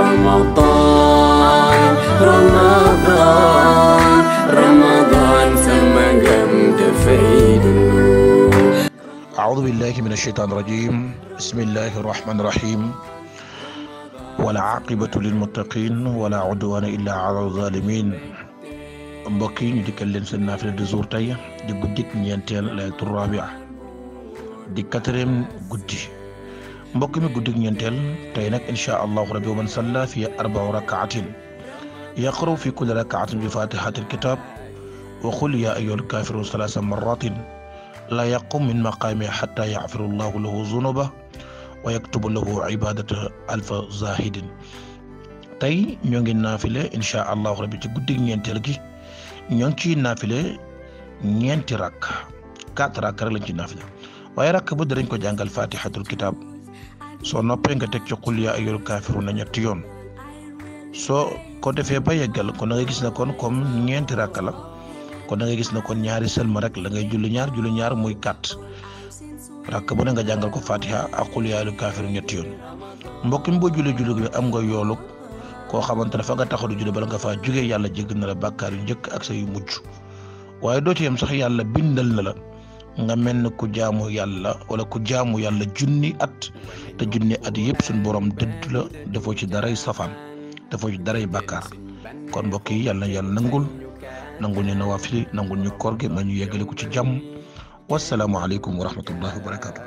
رمضان رمضان رمضان sama gam أعوذ بالله من الشيطان الرجيم بسم الله الرحمن الرحيم ولا عاقبة للمتقين ولا عدوان إلا على الظالمين mbokk yi ñu dikkal leen seen naafila du jour tey di guddik ñeenteel laylatul rabia di quatrième guddi mbokk mi guddik ñentel tay nak insha allah rabbi wa man salla fi arbau rakaatin yaqra fi kulli rakaatin bi fatihati alkitab wa qul ya ayuha kafirun salaasa maratin la yaqum min maqami hatta ya'firu allah lahu dhunuba wa yaktubu lahu ibadata alf zahidin tay ñu ngi nafile insha allah rabbi ci guddik ñentel gi ñu ci nafile ñenti ñeenti 4 quatre rek lañ ci nafile waye rakk bu dañ ko jàngal fatihatul kitab so noppee nga teg ci xul yaa ayyul kaafiruuna ñetti yoon soo ko defee ba yeggal kon da nga gis ne kon comme ñeenti rakk la kon da nga gis ne kon ñaari sëlma rek la ngay julli ñaar julli ñaar muy gàtt rakk bu ne nga jàngal ko fatiha ak xul yaa ayyul kaafiruuna yoon mbokk mi boo julli julli bi am nga yoolu koo xamante fa nga taxaw julli bala nga na la yu njëkk ak sa yu mujj waaye ci sax bindal na la nga mel na ku jaamu yàlla wala ku jaamu yàlla junni at te junni at yëpp suñ borom dëdd la defoo ci daray safaan defoo ci daray bàkkaar kon mbokk yi yàlla yàlla nangul nangul ñu nawaafili nangul ñu koor gi ma ñu yeggale ko ci jàmm wasalaamualeykum wa rahmatullahi wa barakatu